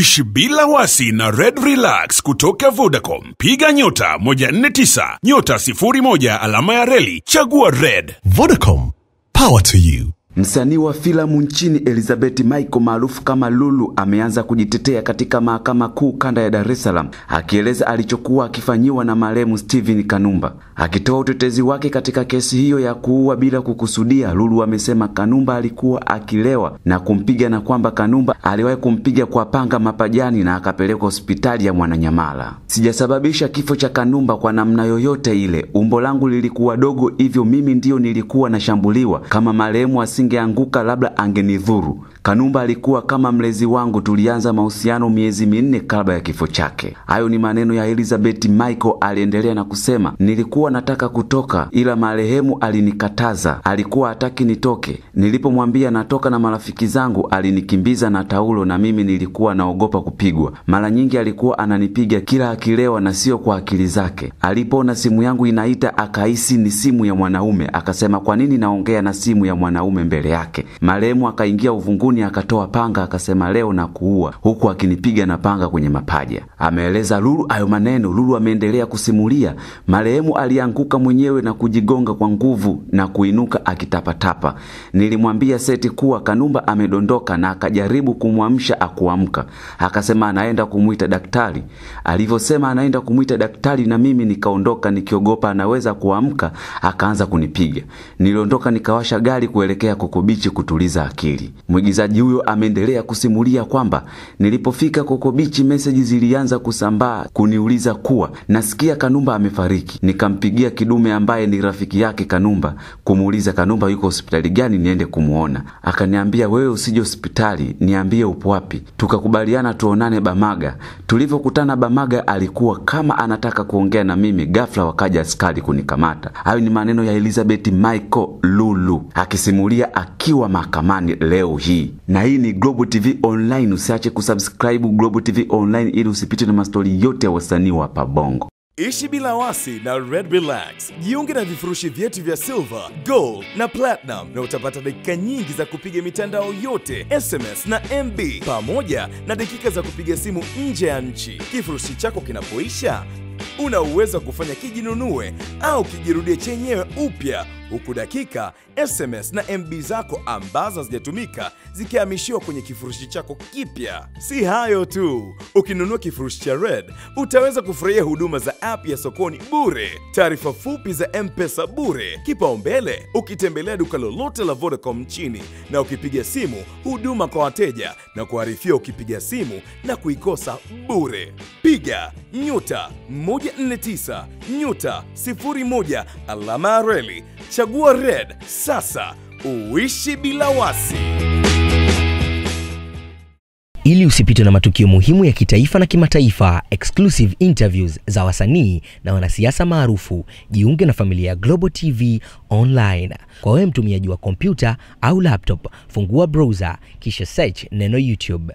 Ishi bila wasi na Red Relax kutoka Vodacom. Piga nyota 149 nyota 01 alama ya reli, chagua Red. Vodacom, power to you. Msanii wa filamu nchini Elizabeth Michael maarufu kama Lulu ameanza kujitetea katika Mahakama Kuu Kanda ya Dar es Salaam akieleza alichokuwa akifanyiwa na marehemu Steven Kanumba. Akitoa utetezi wake katika kesi hiyo ya kuua bila kukusudia, Lulu amesema Kanumba alikuwa akilewa na kumpiga na kwamba Kanumba aliwahi kumpiga kwa panga mapajani na akapelekwa hospitali ya Mwananyamala. Sijasababisha kifo cha Kanumba kwa namna yoyote ile. Umbo langu lilikuwa dogo, hivyo mimi ndiyo nilikuwa nashambuliwa kama marehemu asingeanguka labda angenidhuru. Kanumba alikuwa kama mlezi wangu, tulianza mahusiano miezi minne kabla ya kifo chake. Hayo ni maneno ya Elizabeth Michael. Aliendelea na kusema, nilikuwa nataka kutoka, ila marehemu alinikataza, alikuwa hataki nitoke. Nilipomwambia natoka na marafiki zangu, alinikimbiza na taulo, na mimi nilikuwa naogopa kupigwa. Mara nyingi alikuwa ananipiga kila akilewa, na sio kwa akili zake. Alipoona simu yangu inaita, akahisi ni simu ya mwanaume, akasema, kwa nini naongea na simu ya mwanaume mbele yake? Marehemu akaingia uvunguni Haruni akatoa panga akasema, leo na kuua, huku akinipiga na panga kwenye mapaja, ameeleza Lulu ayo maneno. Lulu ameendelea kusimulia, marehemu alianguka mwenyewe na kujigonga kwa nguvu na kuinuka akitapatapa. Nilimwambia Seti kuwa Kanumba amedondoka na akajaribu kumwamsha akuamka, akasema anaenda kumwita daktari. Alivyosema anaenda kumwita daktari, na mimi nikaondoka nikiogopa anaweza kuamka, akaanza kunipiga. Niliondoka nikawasha gari kuelekea Kokobichi kutuliza akili Mwigiza Mchezaji huyo ameendelea kusimulia kwamba nilipofika kokobichi meseji zilianza kusambaa kuniuliza kuwa nasikia Kanumba amefariki. Nikampigia Kidume ambaye ni rafiki yake Kanumba kumuuliza Kanumba yuko hospitali gani niende kumuona Akaniambia wewe usije hospitali, niambie upo wapi. Tukakubaliana tuonane Bamaga. Tulivyokutana Bamaga alikuwa kama anataka kuongea na mimi, ghafla wakaja askari kunikamata. Hayo ni maneno ya Elizabeth Michael Lulu akisimulia akiwa mahakamani leo hii na hii ni Global TV Online. Usiache kusubscribe Global TV Online ili usipitwe na mastori yote ya wasanii wa Pabongo. Ishi bila wasi na Red Relax. Jiunge na vifurushi vyetu vya silver, gold na platinum na utapata dakika nyingi za kupiga mitandao yote, SMS na MB pamoja na dakika za kupiga simu nje ya nchi. Kifurushi chako kinapoisha una uwezo wa kufanya kijinunue au kijirudie chenyewe upya, huku dakika, SMS na MB zako ambazo hazijatumika zikihamishiwa kwenye kifurushi chako kipya. Si hayo tu, ukinunua kifurushi cha Red utaweza kufurahia huduma za app ya sokoni bure, taarifa fupi za mpesa bure, kipaumbele ukitembelea duka lolote la Vodacom nchini, na ukipiga simu huduma kwa wateja na kuharifiwa ukipiga simu na kuikosa bure. Pia piga nyota 149 nyuta 01 alama ya reli, chagua red sasa uishi bila wasi. Ili usipitwe na matukio muhimu ya kitaifa na kimataifa, exclusive interviews za wasanii na wanasiasa maarufu, jiunge na familia ya Global TV Online. Kwa wewe mtumiaji wa kompyuta au laptop, fungua browser kisha search neno YouTube.